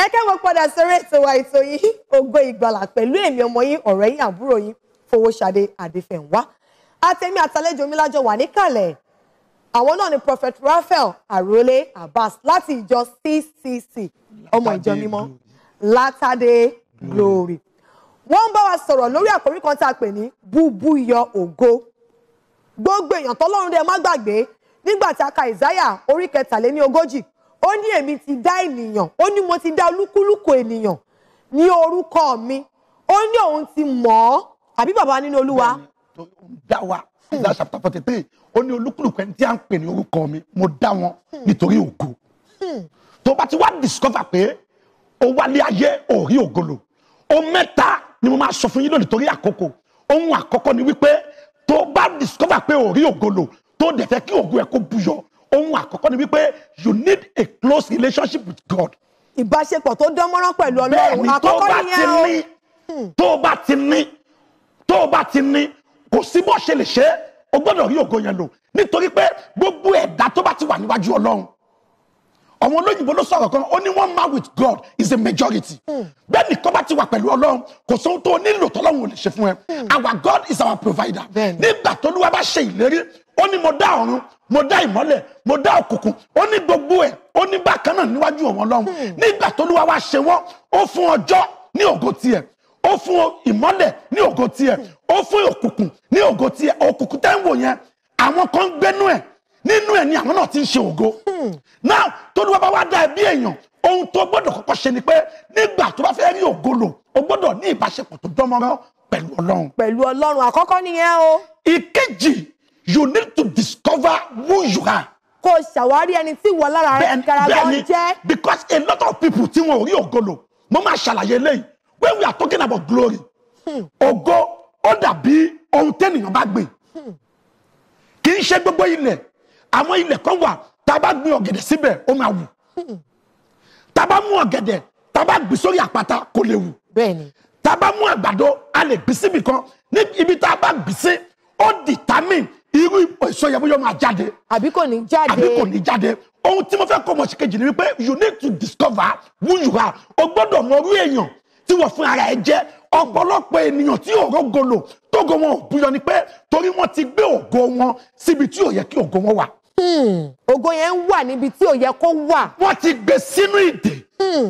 ẹ kẹ́wọ́n padà sórí ètò wa ètò yìí Ògo Ìgbàlà pẹ̀lú èmi ọmọ yín ọ̀rẹ́ yín àbúrò yín Fowóṣadé Adéfẹ̀nwá àtẹ̀mí àtàlejò mi lájọ wà níkàlẹ̀ àwọn náà ni Prophet Raphael Arole Abbas láti ìjọ CCC ọmọ ìjọ mímọ́ Látàdé Glory wọ́n ń bá wa sọ̀rọ̀ lórí àkórí kan tá a pè ní búbúyọ ògo gbogbo èèyàn tọ́lọ́run dẹ má gbàgbé nígbà tí a ka Ìsáyà orí kẹtàléní ogójì ó ní èmi ti dá ènìyàn ó ní mo ti dá olúkúlùkù ènìyàn ní orúkọ mi ó ní òun ti mọ̀ ọ́ àbí bàbá nínú olúwa. dá wa Isaiah hmm. chapter forty three ó ní olúkúlùkù ẹni tí a ń pè ní orúkọ mi mo dá wọn hmm. nítorí ògo hmm. tó bá ti wá discover pé ó wálé ayé ò rí ògolo ó mẹ́ta ni mo máa sọ fún yín lónìí torí àkókò ohun àkọ́kọ́ ni wípé tó bá discover pé ò rí ògolo tó dẹ̀ fẹ́ kí ògo ẹ̀ kó buyọ̀ ohun àkọ́kọ́ ni wípé you need a close relationship with God. ìbáṣepọ̀ tó dán mọ́rán pẹ̀lú ọlọ́run àkọ́kọ́ nìyẹn o. bẹ́ẹ̀ni hmm. tó bá ti ní tó bá ti ní kò sí bó ṣe lè ṣe o gbọ́dọ̀ rí ògo yẹn lò nítorí pé gbogbo ẹ̀dá tó bá ti wà níwájú ọlọ́run àwọn olóyìnbó ló sọ̀rọ̀ kan ó ní one man with God is a majority. Hmm. bẹ́ẹ̀ ni kọ́ba ti wà pẹ̀lú ọlọ́run kò sóhun tó nílò tọ́lọ́run ò lè ṣe fún ẹ. Hmm. our God is our provider. nígbà tó lúwa bá ṣe ìlérí ó ní mo dá ọ̀run mo dá ìmọ́lẹ̀ mo dá òkùnkùn ó ní gbogbo ẹ̀ ó ní bákan náà níwájú ọ̀wọ́n lọ́hùn hmm. nígbà t'Olúwa wá ṣe wọ́n ó fún ọjọ́ ní ògo tiẹ̀ ó fún ìmọ́lẹ̀ ní ògo tiẹ̀ ó fún òkùnkùn ní ògo tiẹ̀ òkùnkùn tẹ́ ń wò yẹn àwọn kan ń gbénú ẹ̀ nínú ẹ̀ ni àwọn náà ti ń ṣe ògo hmm. náà t'Olúwa bá wá dá ẹ bí èèyàn ohun tó gbọ́dọ̀ kọ́kọ́ ṣe ni pé nígbà tó bá fẹ́ rí ògo lò ó gbọ́dọ̀ ní ìbáṣepọ̀ tó dánmọ́rán pẹ̀lú Ọlọ́run. pẹ̀lú Ọlọ́run àkọ́kọ́ nìyẹn o. ìkejì you need to discover who you are. kò ṣàwárí ẹni tí ìwọ lára rẹ garagan jẹ́. because a lot of people tí wọn ò rí ògo lò mo máa ṣàlàyé lẹ́yìn when we are talking about glory hmm. ògo ó dàbí ohun tẹ́nìyàn bá gbìn kì í ṣe gbogbo ilẹ̀ àwọn ilẹ̀ kan wà tá a bá gbìn ọ̀gẹ̀dẹ̀ síbẹ̀ ó máa wù hmm. tá a bá mú ọ̀gẹ̀dẹ̀ tá a bá gbìn sórí àpáta kò lè wù tá a bá mú àgbàdo a lè gbìn síbì kan níbi tá a bá gbìn sí ó determine irú ìsọyẹ bóyá máa jáde. àbí kò ní jáde. àbí kò ní jáde. ohun tí mo fẹ́ kọ́ ọmọ ṣe kejì ni wípé you need to discover who you are. o gbọ́dọ̀ mọ orí èèyàn tí wọ́n fún ara ẹ jẹ́. ọ̀pọ̀lọpọ̀ ènìyàn tí òró golo tógo wọn ò búyọ ni pé torí wọ́n ti gbé ògo wọn síbi tí ò yẹ kí ògo wọn wà. Hmm. ògo yẹn ń wà níbi tí ò yẹ kó wà. wọ́n ti gbé sínú ìdè. Hmm.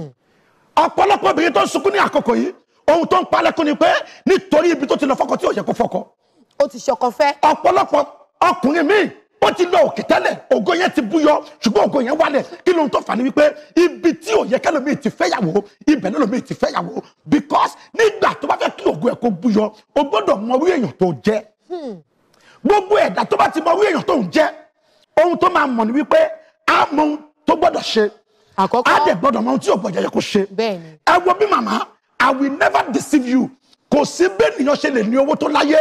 ọ̀pọ̀lọpọ̀ obìnrin tó ń sunkún ní àkókò yìí ohun tó ń palẹ́kùn ni pé nítorí ibi tó ti lọ fọ́kọ tí ò yẹ kó fọ́kọ ó ti ṣọkọ fẹ́. ọ̀pọ̀lọpọ̀ ọkùnrin míì ó ti lọ òkè tẹ́lẹ̀ ògo yẹn ti búyọ ṣùgbọ́n ògo yẹn wálẹ̀ kí ló ń tó fà ní wípé ibi tí ò yẹ ti fẹ́yàwó ibẹ̀ lẹ́lòmíì ti fẹ́yàwó because nígbà tó bá fẹ́ kí ògo ẹ̀ kó búyọ o gbọ́dọ̀ mọ orí èèyàn tó jẹ́ hmm. gbogbo ẹ̀dá tó bá ti mọ orí èèyàn tó ń jẹ́ ohun tó máa mọ̀ ní wípé a mọ ohun tó gbọ́dọ̀ ṣe a dẹ̀ gbọ́dọ̀ mọ ohun tí ògo yẹ kó ṣe ẹ wo bí màmá I will never deceive you kò sí bẹ́ẹ̀ nìyàn ṣe lè ní owó tó láyé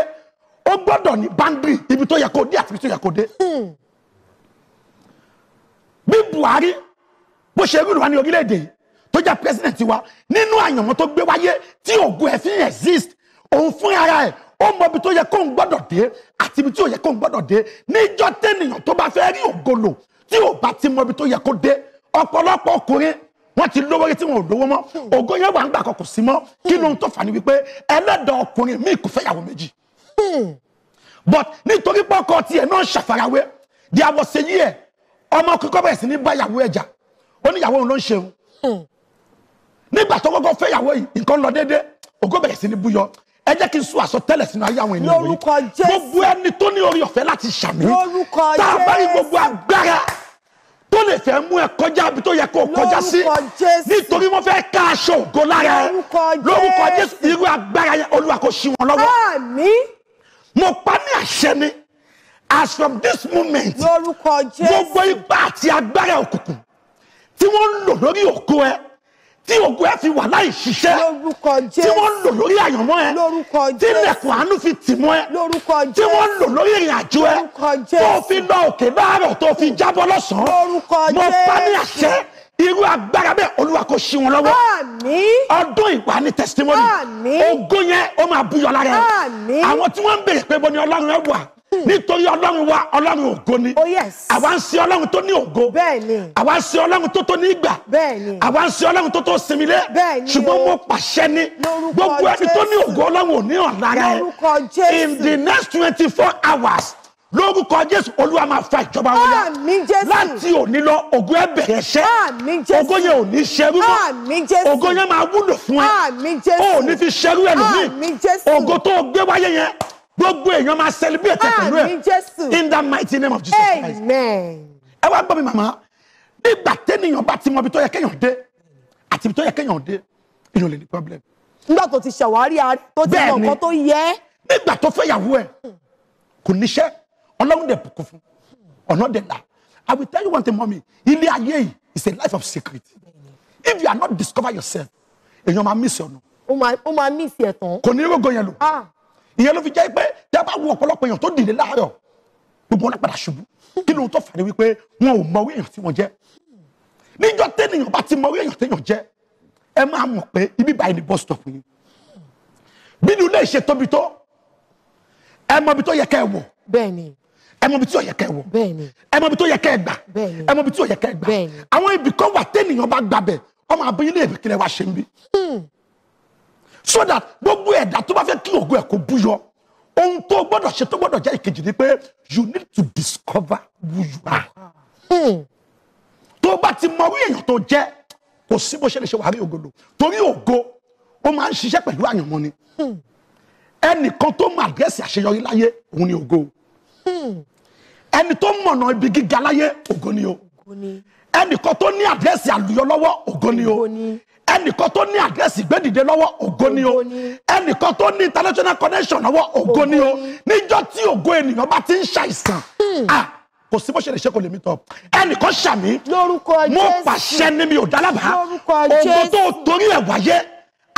ó gbọ́dọ̀ ní boundary ibi tó yẹ kó dé àti ibi tó yẹ kó dé. Hmm. bí Buhari bó ṣe rúdùn ní orílẹ̀-èdè tó jẹ́ president wa nínú àyànmọ́ tó gbé wáyé tí ògùn ẹ̀ fi ń exist òun fún ara ẹ̀ ó mọ ibi tó yẹ kó ń gbọ́dọ̀ dé àti ibi tí ò yẹ kó ń gbọ́dọ̀ dé níjọ́ tẹ́nìyàn tó bá fẹ́ rí ògolo tí ò bá ti mọ ibi tó yẹ kó dé ọ̀pọ̀lọpọ̀ ọkùnrin wọ́n ti lówó rí tí wọn ò lówó mọ́ hmm. ògo yẹn wà ń gbà kọkù sí mọ́ kí ló ń tó fà wípé ẹlẹ́dàá ọkùnrin míì kò fẹ́ yàwó méjì but nítorí pọ́kọ tiẹ̀ náà ṣàfarawé di àwọ̀sẹ̀ yìí ẹ̀ ọmọ kíkọ́ bẹ̀rẹ̀ sí ní báyàwó ẹ̀jà ó ní ìyàwó òun ló ń ṣeun hmm. nígbà tó kọ́kọ́ fẹ́ ìyàwó yìí nǹkan lọ déédéé ògo bẹ̀rẹ̀ sí ní búyọ ẹ jẹ́ kí n sún àsọtẹ́lẹ̀ sínú ayé àwọn ènìyàn yìí gbogbo ẹni tó ní orí ọ̀fẹ́ láti ṣàmì tá a bá rí gbogbo agbára tó lè fẹ́ mú ẹ kọjá àbí tó yẹ kó kọjá sí nítorí wọ́n fẹ́ ká aṣọ ògo lára ẹ lórúkọ Jésù irú agbára yẹn Olúwa kó ṣí wọn lọ́wọ́ àṣẹ ni as from this moment gbogbo ipá àti agbára òkùnkùn tí wọ́n ń lò lórí ògo ẹ tí ògo ẹ fi wà láì ṣiṣẹ́ tí wọ́n ń lò lórí àyànmọ́ ẹ tí ilẹ̀kùn àánú fi tì mọ́ ẹ tí wọ́n ń lò lórí ìrìn àjò ẹ tó fi lọ òkè láàárọ̀ tó fi jábọ́ lọ́sàn-án mo pa ní àṣẹ irú agbára bẹ́ẹ̀ olúwa kò ṣí wọn lọ́wọ́ ọdún ìgbà ní testimony ògo yẹn ó máa búyọ lára ẹ àwọn tí wọ́n ń béèrè pé bọ́ni ọlọ́run ẹ wà hmm. nítorí ọlọ́run wa ọlọ́run ògo ni oh, àwa ń ṣe ọlọ́run tó ní ògo àwa ń ṣe ọlọ́run tó tó ní ìgbà àwa ń ṣe ọlọ́run tó tó sinmilé ṣùgbọ́n mo pàṣẹ ní gbogbo ẹni tó ní ògo ọlọ́run ò ní ọ̀lára ẹ in the next twenty four hours lórúkọ jésù olúwa máa fa ìjọba wọn yá láti òní lọ ògo ẹ bẹ̀rẹ̀ ṣẹ́ ògo yẹn ò ní ṣerú mọ́ ògo yẹn máa wúlò fún ẹ ò ní fi ṣerú ẹ lómi ògo tó o gbé wáyé yẹn gbogbo èèyàn máa celebrate pẹ̀lú ẹ in that mighty name of jesus christ ẹ wá gbọ́ mi màmá nígbà tẹ́nìyàn bá ti mọ ibi tó yẹ kéèyàn dé àti ibi tó yẹ kéèyàn dé èèyàn lè ní problem. nígbà tó ti ṣàwárí ara tó ti mọ̀ nǹkan tó yẹ. nígbà tó fẹ́ yàwó ẹ̀ kò níṣẹ́ ọlọ́run dẹ̀ bùkún fún ọ̀nà dẹ̀ là i will tell you one thing mommy ilé ayé yìí is a life of secret if you are not discover yourself èèyàn máa miss ọ̀nà. ó máa miss ẹ̀ tán. kò ní rògbò yẹn lò ah. ìyẹn ló fi jẹ́ pé tẹ́ bá wo ọ̀pọ̀lọpọ̀ èèyàn tó dìde láàárọ̀ gbogbo wọn padà ṣubú kí lóun tó fà ní wípé wọn ò mọ orí èèyàn tí wọ́n jẹ́ níjọ́ tẹ́nìyàn bá ti mọ orí èèyàn tẹ́yàn jẹ́ ẹ máa mọ̀ pé ibi báyìí ni bus stop yìí bí ni ilé ìṣe tóbi tó ẹ mọ ibi tó yẹ ká ẹ wọ̀. bẹ́ẹ̀ni ẹ mọ ibi tí ó yẹ kẹ́ wọ ẹ mọ ibi tó yẹ kẹ́ gbà ẹ mọ ibi tí ó yẹ kẹ́ gbà àwọn ibì kan wà tẹ́nìyàn bá gbàbẹ̀ ọmọ abẹ́yìn lè kílẹ̀ wá ṣe ń bí hmm. so that gbogbo ẹ̀dá tó bá fẹ́ kí ògo ẹ̀ kó búyọ ohun tó gbọ́dọ̀ ṣe tó gbọ́dọ̀ jẹ́ ìkejì ni pé you need to discover who you are hmm. tó bá ti mọ orí èèyàn tó jẹ́ kò sí bó ṣe lè ṣe wàhálà ògo lò torí ògo ó máa ń ṣiṣẹ́ pẹ̀lú àyànmọ́ ni hmm. ẹnìkan tó mọ àdírẹ́sì àṣeyọrí láyé òun ni ògo ẹni tó mọ̀nà ibi gíga láyé ògo ni o ẹnìkan tó ní àdírẹ́sì àlùyọ lọ́wọ́ ògo ni o ẹnìkan tó ní àdírẹ́sì gbẹ́dìde lọ́wọ́ ògo ni o ẹnìkan tó ní international connection lọ́wọ́ ògo ni o níjọ́ tí ògo ènìyàn bá ti ń ṣàìsàn hmm. ah, kò sí bó ṣe lè ṣe kò lè mi tọ ẹnìkan ṣàmì mo pàṣẹ ni mi ò dálábàá ògo tó torí ẹ̀ wáyé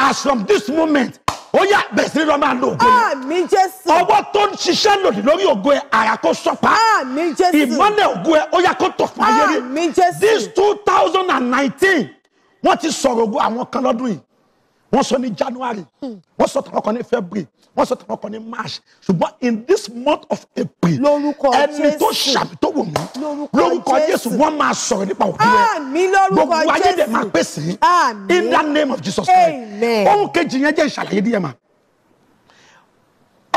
as from this moment ó yá bẹ̀rẹ̀ sí lọ́ọ́ máa lo ògo yẹn. àmín jésù. ọwọ́ tó ń ṣiṣẹ́ lòdì lórí ògo ẹ àyà kó sọ̀pá. àmín jésù. ìmọ́lẹ̀ ògo ẹ ó yá kó tọ̀pá yẹn rí. àmín this two thousand and nineteen wọ́n ti sọ̀rọ̀ ògo àwọn kan lọ́dún yìí wọ́n sọ ní january hmm. wọ́n sọ tàwọn kan ní february wọ́n sọ tàwọn kan ní march ṣùgbọ́n in this month of april ẹni tó ṣàbí tó wò mí lórúkọ jésù wọ́n máa sọ̀rọ̀ nípa òbí rẹ gbogbo ayé dẹ̀ máa pèsè in that name of jesus christ ohun kejì yẹn jẹ́ ìṣàlàyé díẹ̀ mà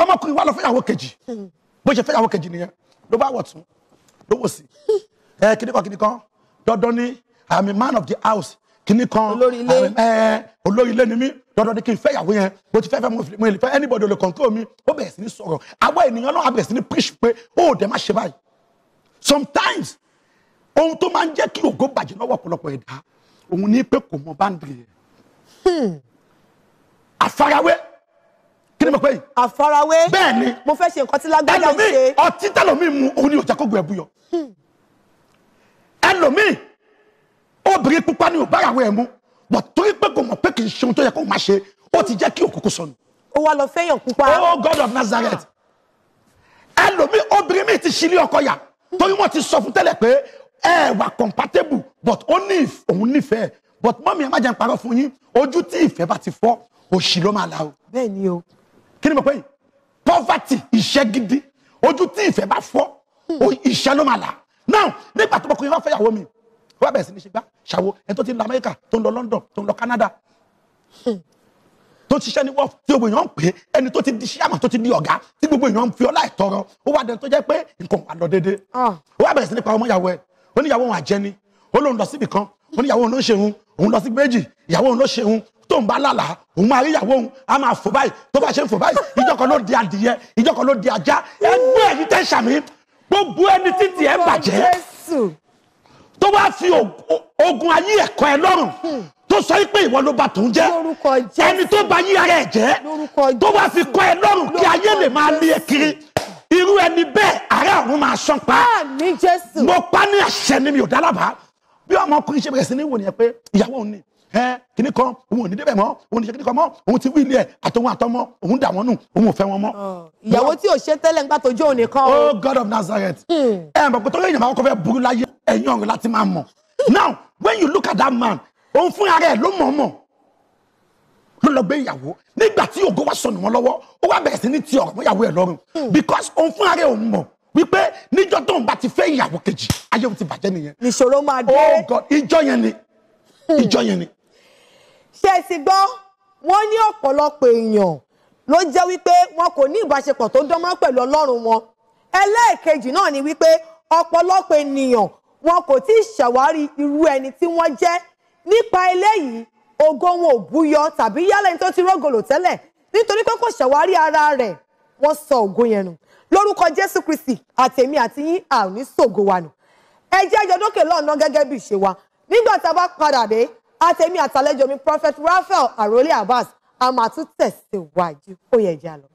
ọmọkùnrin wa lọ fẹ́yàwó kejì hmm. bó ṣe fẹ́yàwó kejì nìyẹn ló bá wọ̀ tún ló wò sí hmm. ẹ kíndìkan kíndìkan dandan ni i am a man of the house kìnnì kan olórí ilé ẹ olórí ilé ni mí dọdọ ni kí n fẹ́ ìyàwó yẹn bó ti fẹ́ fẹ́ mo lè fẹ́ anybody lè control mi ó bẹ̀rẹ̀ sí ní sọ̀rọ̀ àwọn ènìyàn náà bẹ̀rẹ̀ sí ní preach pé ó dẹ̀ má ṣe báyìí sometimes ohun tó máa ń jẹ́ kí ògo bàjẹ́ lọ́wọ́ ọ̀pọ̀lọpọ̀ ẹ̀dá òun ní pé kò mọ báńdìrì ẹ̀ hmm. àfarawé kí ni mo pè yìí. àfarawé bẹ́ẹ̀ ni mo fẹ́ ṣe nǹkan tí lágbára ń ṣe ẹlòmíì ọtí tẹlòmíì mu òun ni òjàkógun obìnrin pupa ni ò bá ìyàwó ẹ̀ mú bọ̀ torí pé kò mọ̀ pé kì í ṣe ohun tó yẹ kó máa ṣe ó ti jẹ́ kí òkùnkùn sọnù. ó wá lọ fẹ́yàn pupa. oh God of Nazareth ẹlòmíì obìnrin mi ti ṣílé ọkọ yà torí wọ́n ti sọ fún tẹ́lẹ̀ pé ẹ wà compatible but ó ní òun nífẹ̀ẹ́ but mọ́mí ẹ má jẹ́ n parọ́ fún yín ojú tí ìfẹ́ bá ti fọ́ òṣì ló máa la o. bẹ́ẹ̀ni o. kí ni mo pè yín poverty ìṣẹ́ gidi ojú tí ìfẹ́ bá fọ́ hmm. ìṣẹ́ ló máa la now nígbà tó bá kọyìn wá fẹ́yàwó mi wọ́n bẹ̀rẹ̀ sí ní ṣe gbá ṣàwo ẹni tó ti lọ amẹ́ríkà tó ń lọ london tó ń lọ canada tó ti ṣiṣẹ́ ní wọ́ọ̀f tí gbogbo èèyàn ń pè é ẹni tó ti di ṣíàmà tó ti di ọ̀gá tí gbogbo èèyàn ń fi ọlá ìtọrọ ó wá dẹni tó jẹ́ pé nǹkan wà lọ déédéé ah. ó wá bẹ̀rẹ̀ sí ní pa ọmọ ìyàwó ẹ̀ ó ní ìyàwó òun àjẹni ó lóun lọ síbì kan ó ní ìyàwó òun ló ń ṣe òun òun lọ sí méjì ìyàwó òun ló ṣe òun tó ń bá lálàá òun máa rí ìyàwó òun á máa fò báyìí tó bá ṣe ń fò báyìí ìjọ kan ló di adìyẹ ìjọ kan ló di ajá ẹgbẹ́ ẹ̀yìn tẹ́ ṣàmì gbogbo ẹni títì ẹ̀ bàjẹ́ tó wá fi ogun ayé ẹ̀kọ́ ẹ lọ́rùn tó sọ pé ìwọ ló bà tòun jẹ́ ẹni tó bà yí ara ẹ̀ jẹ́ tó wá fi kọ́ ẹ lọ́rùn kí ayé lè máa lé ẹ kiri irú ẹni bẹ́ẹ̀ àárẹ̀ ọ̀run máa sán pa mo pa ní àṣẹ ni mi ò dálábàá bí ọmọkùnrin ṣe bẹ̀rẹ̀ sí ní wò nìyẹn pé ìyàwó òun ni ẹ kíní kan òun ò ní débẹ̀ mọ́ òun ní ṣe kíní kan mọ́ òun ti wílé ẹ̀ àtòun àtọmọ òun dà wọ́n nù òun ò fẹ́ wọn mọ́. ìyàwó tí ò ṣe tẹ́lẹ̀ ń gbà tó nìkan. oh God of Nazareth. ẹ hmm. ẹ mọ̀ tó yẹ ìyàmọ̀ akọ́fẹ́ burú láyé ẹ̀yìn ọ̀rẹ́ láti máa mọ̀ now when you look at that man òun fún ara ẹ̀ ló mọ̀ mọ̀ ló lọ gbé ìyàwó nígbà tí ògo wá sọnù wọn lọ́wọ́ ó wá bẹ̀rẹ̀ hmm. because òun fún ara ẹ̀ òun mọ̀ wípé níjọ́ tóun bá ti fẹ́ ìyàwó kejì ayé òun ti bàjẹ́ nìyẹn. ìṣòro máa dé. oh God ìjọ yẹn ni hmm. ìjọ yẹn ni ṣé ẹ ti gbọ́ wọ́n ní ọ̀pọ̀lọpọ̀ èèyàn ló jẹ́ wípé wọn kò ní ìbáṣepọ̀ tó dánmọ́ pẹ̀lú ọlọ́run wọn ẹlẹ́ẹ̀kejì náà ni wípé ọ̀pọ̀lọpọ̀ ènìyàn wọn kò tí ì ṣàwárí irú ẹni tí wọ́n jẹ́ nípa eléyìí ògo wọn ò búyọ tàbí yálà ẹni tó ti rọ́gọlò tẹ́lẹ̀ nítorí pé kò ṣàwárí ara rẹ̀ wọ́n sọ ògo yẹn nù lórúkọ jésù kristi àtèmi àti yín à ní sògo wa nù ẹ jẹ́ ẹjọ́ dókè lọ́nà gẹ́gẹ́ bí ìṣe wa nígbà tá a bá padà dé àtẹ̀mí àtàlejò mi prophet Raphael Arole Abbas a máa tún tẹ̀síwájú ó yẹ jà lọ.